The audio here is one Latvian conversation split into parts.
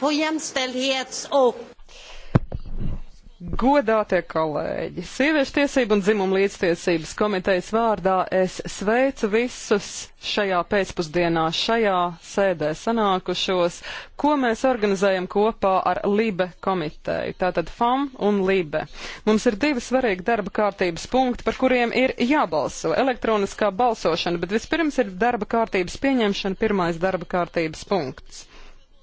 på jämställdhets och Godātie kolēģi, sieviešu tiesību un dzimumu līdztiesības komitejas vārdā es sveicu visus šajā pēcpusdienā, šajā sēdē sanākušos, ko mēs organizējam kopā ar LIBE komiteju, tātad FAM un LIBE. Mums ir divi svarīgi darba kārtības punkti, par kuriem ir jābalso - elektroniskā balsošana, bet vispirms ir darba kārtības pieņemšana, pirmais darba kārtības punkts.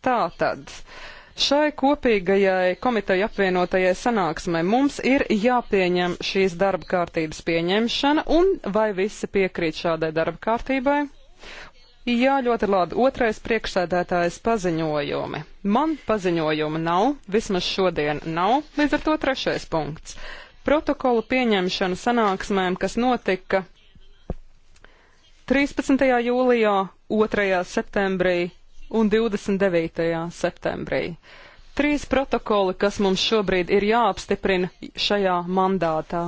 Tātad. Šai kopīgajai komiteja apvienotajai sanāksmai mums ir jāpieņem šīs darba kārtības pieņemšana, un vai visi piekrīt šādai darba kārtībai? Jā, ļoti labi. Otrais priekšsēdētājs paziņojumi. Man paziņojuma nav, vismaz šodien nav, līdz ar to trešais punkts. Protokolu pieņemšana sanāksmēm, kas notika 13. jūlijā, 2. septembrī un 29. septembrī. Trīs protokoli, kas mums šobrīd ir jāapstiprina šajā mandātā.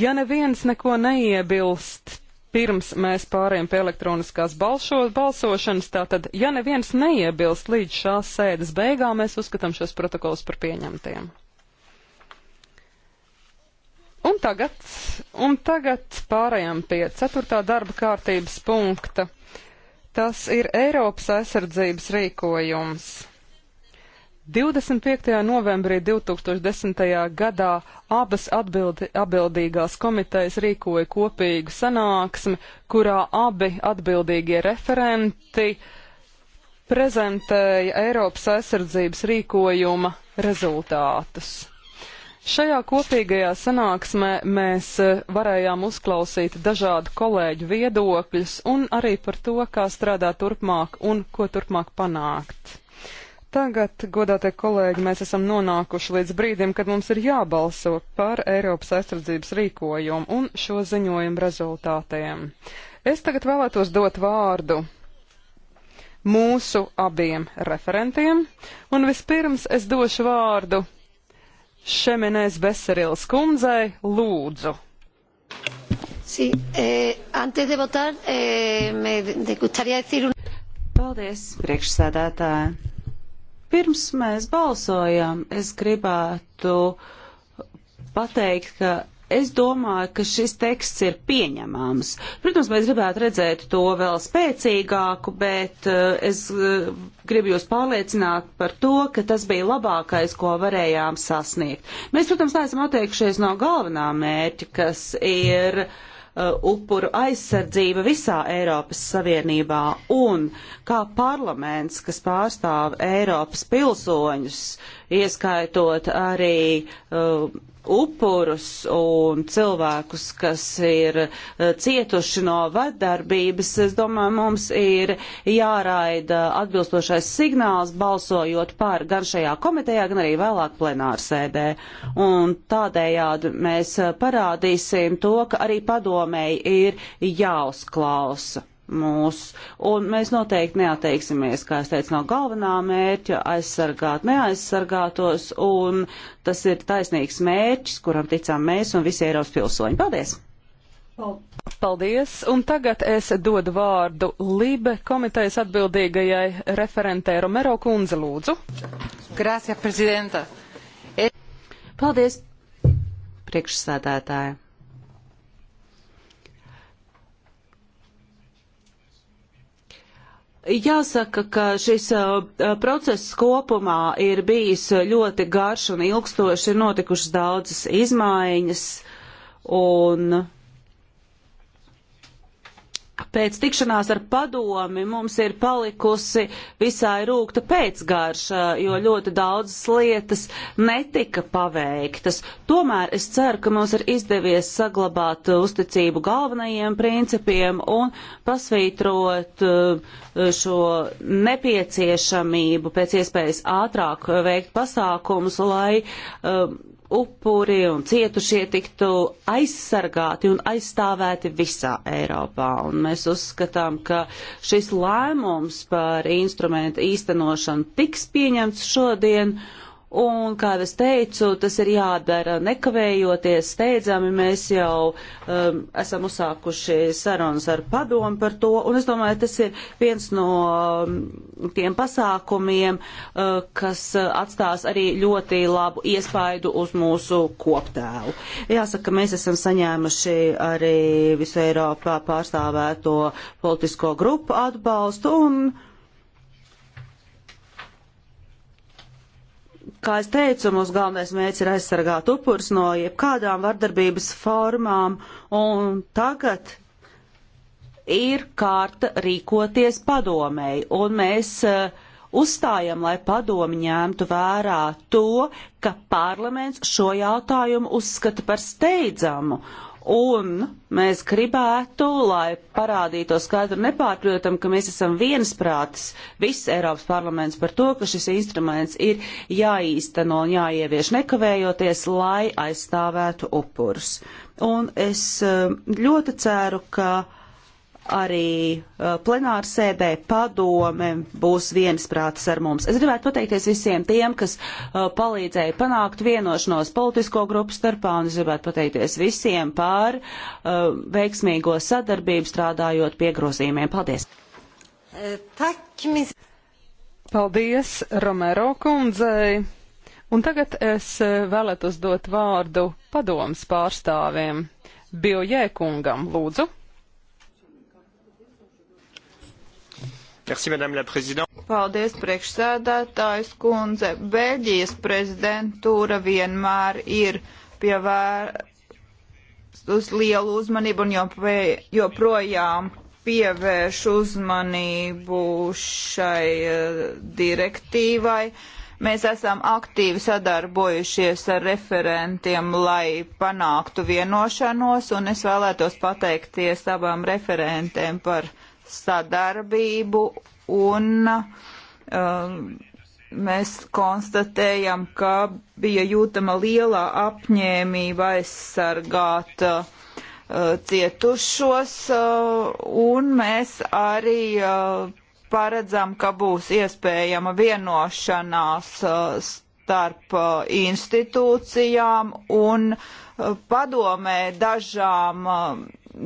Ja neviens neko neiebilst, pirms mēs pāriem pie elektroniskās balšo, balsošanas. Tātad, ja neviens neiebilst līdz šās sēdes beigām, mēs uzskatām šos protokolus par pieņemtiem. Un tagad, un tagad pārējām pie ceturtā darba kārtības punkta. Tas ir Eiropas aizsardzības rīkojums. 25. novembrī 2010. gadā abas atbildi, atbildīgās komitejas rīkoja kopīgu sanāksmi, kurā abi atbildīgie referenti prezentēja Eiropas aizsardzības rīkojuma rezultātus. Šajā kopīgajā sanāksmē mēs e, varējām uzklausīt dažādu kolēģu viedokļus un arī par to, kā strādāt turpmāk un ko turpmāk panākt. Tagad, godātie kolēģi, mēs esam nonākuši līdz brīdim, kad mums ir jābalso par Eiropas aizsardzības rīkojumu un šo ziņojumu rezultātiem. Es tagad vēlētos dot vārdu mūsu abiem referentiem, un vispirms es došu vārdu Šeminēs Beserils kundzei lūdzu. Sí, eh, antes de votar, eh, me de gustaría decir un... Paldies, priekšsēdētāji. Pirms mēs balsojam, es gribētu pateikt, ka es domāju, ka šis teksts ir pieņemams. Protams, mēs gribētu redzēt to vēl spēcīgāku, bet eh, es eh, gribu jūs pārliecināt par to, ka tas bija labākais, ko varējām sasniegt. Mēs, protams, neesam atteikšies no galvenā mērķa, kas ir eh, upuru aizsardzība visā Eiropas Savienībā un kā parlaments, kas pārstāv Eiropas pilsoņus, ieskaitot arī uh, upurus un cilvēkus, kas ir eh, cietuši no vardarbības, es domāju, mums ir jāraida atbilstošais signāls, balsojot par gan šajā komitejā, gan arī vēlāk plenārsēdē. Un tādējādi mēs eh, parādīsim to, ka arī padomēji ir jāuzklausa mūs. Un mēs noteikti neatteiksimies, kā es teicu, no galvenā mērķa aizsargāt neaizsargātos, un tas ir taisnīgs mērķis, kuram ticām mēs un visi Eiropas pilsoņi. Paldies! Paldies! Un tagad es dodu vārdu Libe komitejas atbildīgajai referentē Romero Kunze, lūdzu. Grācija, prezidenta! Paldies, priekšsēdētāja! Jāsaka, ka šis uh, process kopumā ir bijis ļoti garš un ilgstoši, ir notikušas daudzas izmaiņas, un Pēc tikšanās ar padomi mums ir palikusi visai rūkta pēcgarša, jo ļoti daudzas lietas netika paveiktas. Tomēr es ceru, ka mums ir izdevies saglabāt uzticību galvenajiem principiem un pasvītrot eh, šo nepieciešamību pēc iespējas ātrāk veikt pasākumus, lai um, upuri un cietušie tiktu aizsargāti un aizstāvēti visā Eiropā. Un mēs uzskatām, ka šis lēmums par instrumentu īstenošanu tiks pieņemts šodien Un, kā es teicu, tas ir jādara nekavējoties, steidzami. Mēs jau um, esam uzsākuši sarunas ar padomu par to, un es domāju, tas ir viens no um, tiem pasākumiem, uh, kas atstās arī ļoti labu iespaidu uz mūsu koptēlu. Jāsaka, mēs esam saņēmuši arī visu Eiropā pārstāvēto politisko grupu atbalstu. Un, Kā es teicu, mūsu galvenais mērķis ir aizsargāt upurus no jebkādām vardarbības formām, un tagad ir kārta rīkoties padomēji, un mēs uh, uzstājam, lai padomi ņemtu vērā to, ka parlaments šo jautājumu uzskata par steidzamu, Un mēs gribētu, lai parādītu skaidru nepārprotam, ka mēs esam viensprātis, viss Eiropas parlaments par to, ka šis instruments ir jāīsteno un jāievieš nekavējoties, lai aizstāvētu upurus. Un es eh, ļoti ceru, ka arī uh, plenāra sēdē padome būs viensprātis ar mums. Es gribētu pateikties visiem tiem, kas uh, palīdzēja panākt vienošanos politisko grupu starpā, un es gribētu pateikties visiem par uh, veiksmīgo sadarbību strādājot pie grozījumiem. Paldies! Paldies, Romero kundzei! Un tagad es vēlētos dot vārdu padomas pārstāviem. Biljē kungam, lūdzu! Merci, Madame la Présidente. Paldies, priekšsēdētājs kundze. Beļģijas prezidentūra vienmēr ir pievērst uz lielu uzmanību un joprojām pievērš uzmanību šai eh, direktīvai. Mēs esam aktīvi sadarbojušies ar referentiem, lai panāktu vienošanos, un es vēlētos pateikties abām referentēm par sadarbību un um, mēs konstatējam, ka bija jūtama lielā apņēmība aizsargāt uh, cietušos uh, un mēs arī uh, paredzam, ka būs iespējama vienošanās uh, starp uh, institūcijām un uh, padomē dažām uh,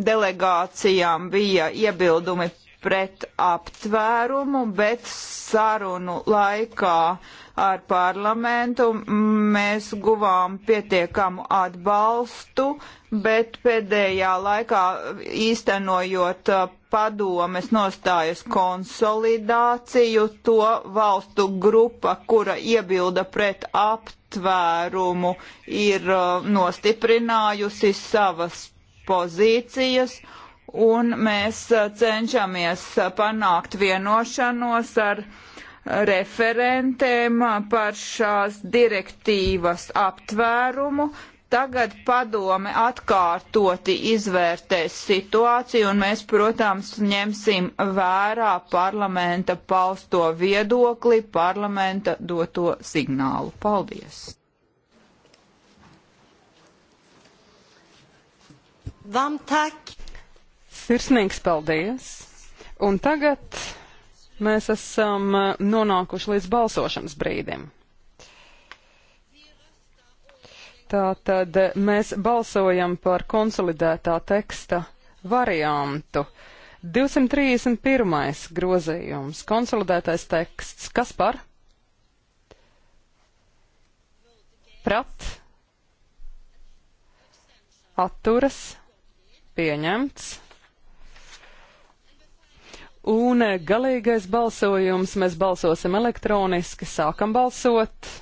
delegācijām bija iebildumi pret aptvērumu, bet sarunu laikā ar parlamentu mēs guvām pietiekamu atbalstu, bet pēdējā laikā īstenojot uh, padomes nostājas konsolidāciju, to valstu grupa, kura iebilda pret aptvērumu, patvērumu ir uh, nostiprinājusi savas pozīcijas, un mēs uh, cenšamies uh, panākt vienošanos ar referentēm par šās direktīvas aptvērumu, Tagad padome atkārtoti izvērtēs situāciju, un mēs, protams, ņemsim vērā parlamenta pausto viedokli, parlamenta doto signālu. Paldies! Vamtak! Sirsnīgs paldies! Un tagad mēs esam eh, nonākuši līdz balsošanas brīdim. Tātad mēs balsojam par konsolidētā teksta variantu. 231. grozījums, konsolidētais teksts. Kas par? Prat? Atturas? Pieņemts? Un galīgais balsojums mēs balsosim elektroniski, sākam balsot.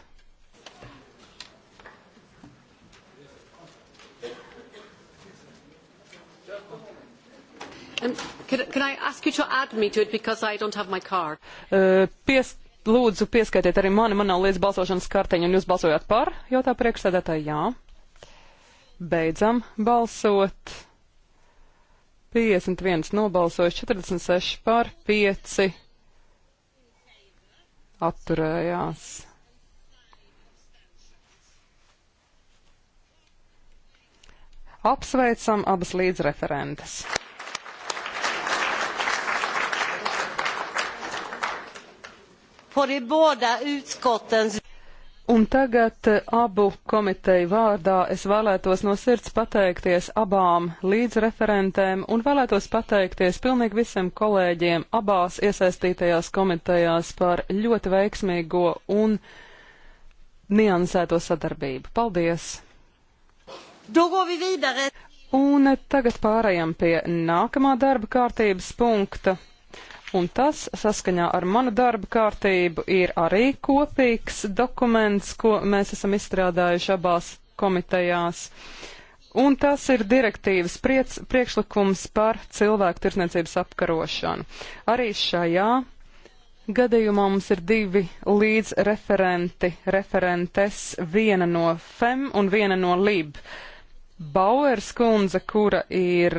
Um, could, could I ask you to add me to it because I don't have my card? Uh, pies, lūdzu, pieskaitiet arī mani, man nav līdz balsošanas karteņa, un jūs balsojāt par, jautā priekšsēdētāji, jā. Beidzam balsot. 51 nobalsojis, 46 par, 5 atturējās. Apsveicam abas līdzreferentes. på de båda utskottens Un tagad eh, abu komiteju vārdā es vēlētos no sirds pateikties abām līdzreferentēm un vēlētos pateikties pilnīgi visiem kolēģiem abās iesaistītajās komitejās par ļoti veiksmīgo un niansēto sadarbību. Paldies! Un tagad pārējām pie nākamā darba kārtības punkta un tas saskaņā ar manu darba kārtību ir arī kopīgs dokuments, ko mēs esam izstrādājuši abās komitejās. Un tas ir direktīvas priec, priekšlikums par cilvēku tirsniecības apkarošanu. Arī šajā gadījumā mums ir divi līdzreferenti, referentes, viena no FEM un viena no LIB. Bauers kundze, kura ir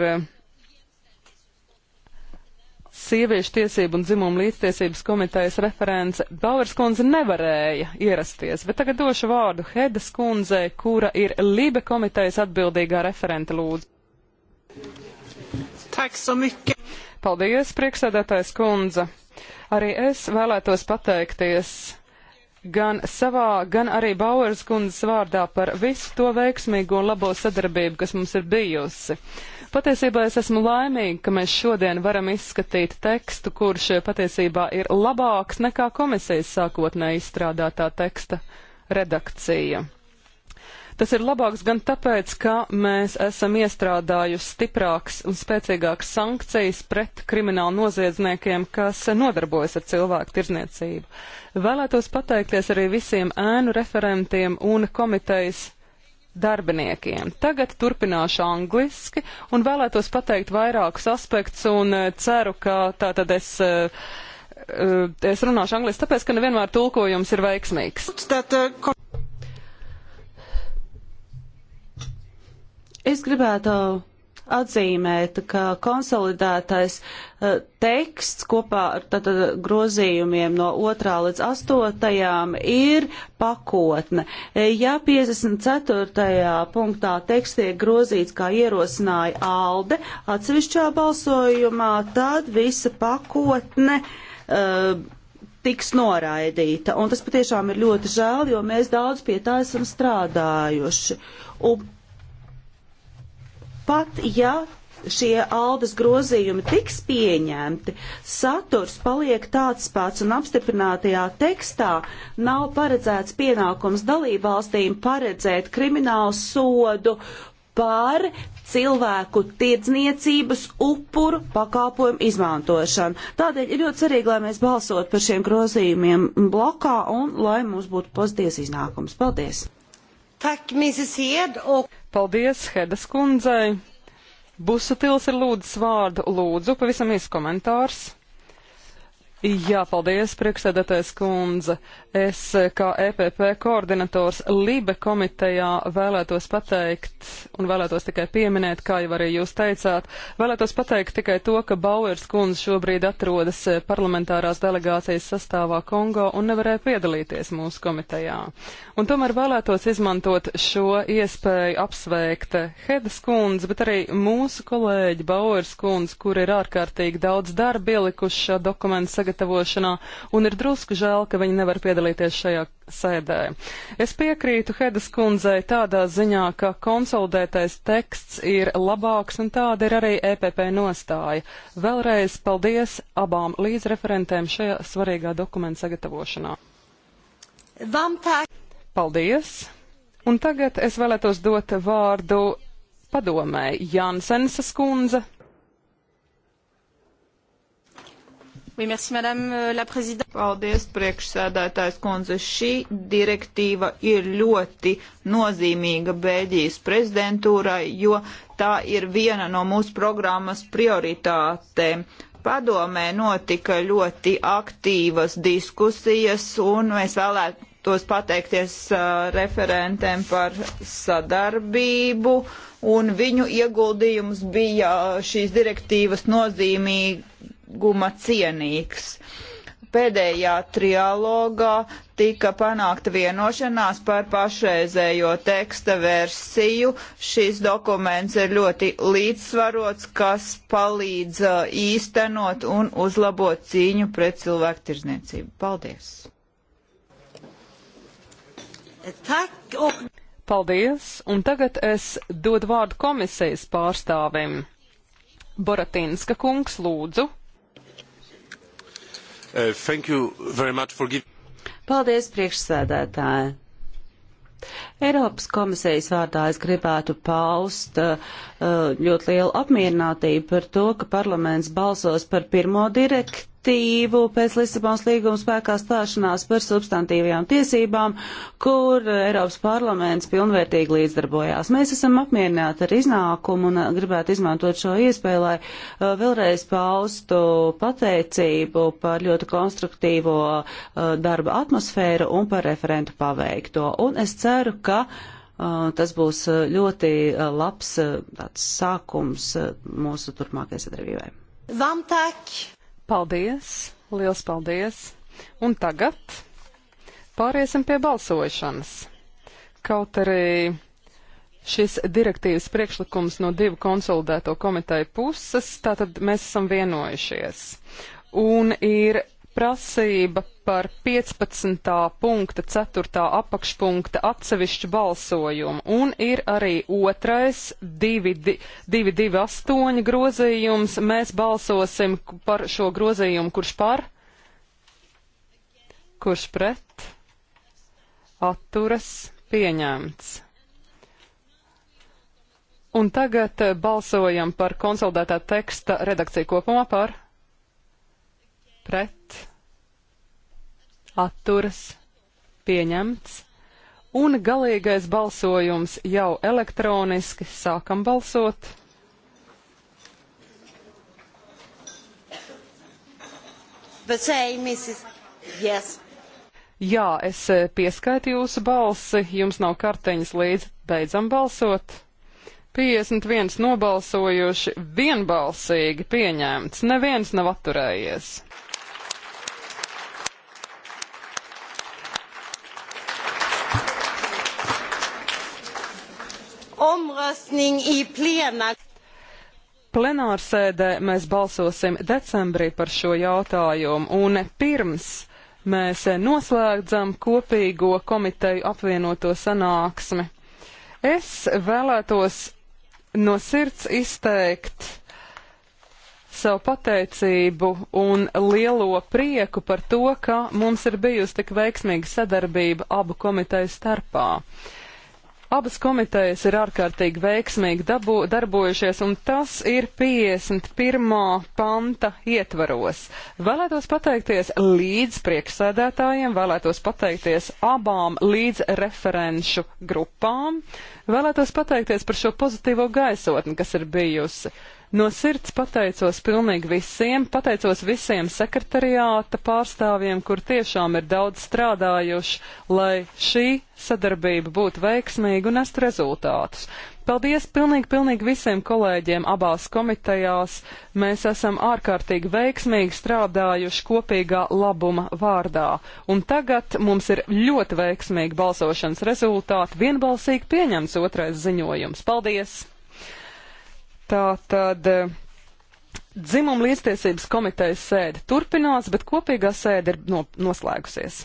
sieviešu tiesību un dzimumu līdztiesības komitejas referents Bauer skundze nevarēja ierasties, bet tagad došu vārdu Hedas kundzei, kura ir Libe komitejas atbildīgā referenta lūdzu. Paldies, priekšsēdētājs kundze. Arī es vēlētos pateikties gan savā, gan arī Bauer skundzes vārdā par visu to veiksmīgo un labo sadarbību, kas mums ir bijusi. Uh, Patiesībā es esmu laimīga, ka mēs šodien varam izskatīt tekstu, kurš patiesībā ir labāks nekā komisijas sākotnēji izstrādātā teksta redakcija. Tas ir labāks gan tāpēc, ka mēs esam iestrādājuši stiprākas un spēcīgākas sankcijas pret kriminālu noziedzniekiem, kas nodarbojas ar cilvēku tirzniecību. Vēlētos pateikties arī visiem ēnu referentiem un komitejas darbiniekiem. Tagad turpināšu angliski un vēlētos pateikt vairākus aspektus un eh, ceru, ka tātad es, eh, es runāšu angliski, tāpēc, ka nevienmēr tulkojums ir veiksmīgs. Es gribētu atzīmēt, ka konsolidētais uh, teksts kopā ar tātad, grozījumiem no 2. līdz 8. ir pakotne. Eh, ja 54. punktā teksts tiek grozīts, kā ierosināja ALDE atsevišķā balsojumā, tad visa pakotne uh, tiks noraidīta. Un tas patiešām ir ļoti žēl, jo mēs daudz pie tā esam strādājuši. Un Pat ja šie aldas grozījumi tiks pieņemti, saturs paliek tāds pats un apstiprinātajā tekstā nav paredzēts pienākums dalībvalstīm paredzēt kriminālu sodu par cilvēku tirdzniecības upuru pakāpojumu izmantošanu. Tādēļ ir ļoti svarīgi, lai mēs balsot par šiem grozījumiem blokā un lai mums būtu pozitīvs iznākums. Paldies! Tak, Hed, oh. Paldies Hedas kundzei. Busutils ir lūdzis vārdu. Lūdzu, pavisam īsts komentārs. Jā, paldies, priekšsēdētājs kundze. Es kā EPP koordinators Libe komitejā vēlētos pateikt, un vēlētos tikai pieminēt, kā jau arī jūs teicāt, vēlētos pateikt tikai to, ka Bauers kundze šobrīd atrodas parlamentārās delegācijas sastāvā Kongo un nevarēja piedalīties mūsu komitejā. Un tomēr vēlētos izmantot šo iespēju apsveikt Hedas kundze, bet arī mūsu kolēģi Bauers kundze, kur ir ārkārtīgi daudz darba ielikuši šā dokumenta sagatavošanā sagatavošanā, un ir drusku žēl, ka viņi nevar piedalīties šajā sēdē. Es piekrītu Hedas kundzei tādā ziņā, ka konsolidētais teksts ir labāks, un tāda ir arī EPP nostāja. Vēlreiz paldies abām līdzreferentēm šajā svarīgā dokumenta sagatavošanā. Paldies! Un tagad es vēlētos dot vārdu padomēji Jānsensas kundze. Oui, merci, madame euh, la présidente. Paldies, priekšsēdētājs kundze. Šī direktīva ir ļoti nozīmīga Bēļģijas prezidentūrai, jo tā ir viena no mūsu programmas prioritātēm padomē notika ļoti aktīvas diskusijas, un mēs vēlētos pateikties uh, referentiem par sadarbību, un viņu ieguldījums bija uh, šīs direktīvas nozīmīgi pienākuma cienīgs. Pēdējā trialogā tika panākta vienošanās par pašreizējo teksta versiju. Šis dokuments ir ļoti līdzsvarots, kas palīdz uh, īstenot un uzlabot cīņu pret cilvēku tirzniecību. Paldies! Paldies, un tagad es dodu vārdu komisijas pārstāvim. Boratīnska kungs, lūdzu. Uh, Paldies, priekšsēdētāji! Eiropas komisijas vārdā es gribētu paust uh, uh, ļoti lielu apmierinātību par to, ka parlaments balsos par pirmo direktīvu direktīvu pēc Lisabons līguma spēkā stāšanās par substantīvajām tiesībām, kur Eiropas parlaments pilnvērtīgi līdzdarbojās. Mēs esam apmierināti ar iznākumu un gribētu izmantot šo iespēju, lai uh, vēlreiz paustu pateicību par ļoti konstruktīvo uh, darba atmosfēru un par referentu paveikto. Un es ceru, ka uh, tas būs ļoti labs tāds sākums mūsu turpmākajai sadarbībai. Vam tak! Paldies! Liels paldies! Un tagad pāriesim pie balsošanas. Kaut arī šis direktīvas priekšlikums no divu konsolidēto komiteju puses, tātad mēs esam vienojušies. Un ir prasība par 15. punkta 4. apakšpunkta atsevišķu balsojumu, un ir arī otrais 228 grozījums. Mēs balsosim par šo grozījumu, kurš par, kurš pret, atturas, pieņemts. Un tagad eh, balsojam par konsolidētā teksta redakciju kopumā par pret, atturas, pieņemts. Un galīgais balsojums jau elektroniski sākam balsot. Same, yes. Jā, es eh, pieskaitu jūsu balsi, jums nav karteņas līdzi, beidzam balsot. 51 nobalsojuši, vienbalsīgi pieņemts, neviens nav atturējies. omröstning i plena. Plenārsēdē mēs balsosim decembrī par šo jautājumu, un pirms mēs noslēdzam kopīgo komiteju apvienoto sanāksmi. Es vēlētos no sirds izteikt savu pateicību un lielo prieku par to, ka mums ir bijusi tik veiksmīga sadarbība abu komiteju starpā. Uh, Abas komitejas ir ārkārtīgi veiksmīgi dabo, darbojušies, un tas ir 51. panta ietvaros. Vēlētos pateikties līdz priekšsēdētājiem, vēlētos pateikties abām līdz referenšu grupām, vēlētos pateikties par šo pozitīvo gaisotni, kas ir bijusi. No sirds pateicos pilnīgi visiem, pateicos visiem sekretariāta pārstāvjiem, kur tiešām ir daudz strādājuši, lai šī sadarbība būtu veiksmīga un nest rezultātus. Paldies pilnīgi, pilnīgi visiem kolēģiem abās komitejās. Mēs esam ārkārtīgi veiksmīgi strādājuši kopīgā labuma vārdā. Un tagad mums ir ļoti veiksmīgi balsošanas rezultāti. Vienbalsīgi pieņemts otrais ziņojums. Paldies! Tā tad eh, dzimuma līdztiesības komitejas sēde turpinās, bet kopīgā sēde ir no, noslēgusies.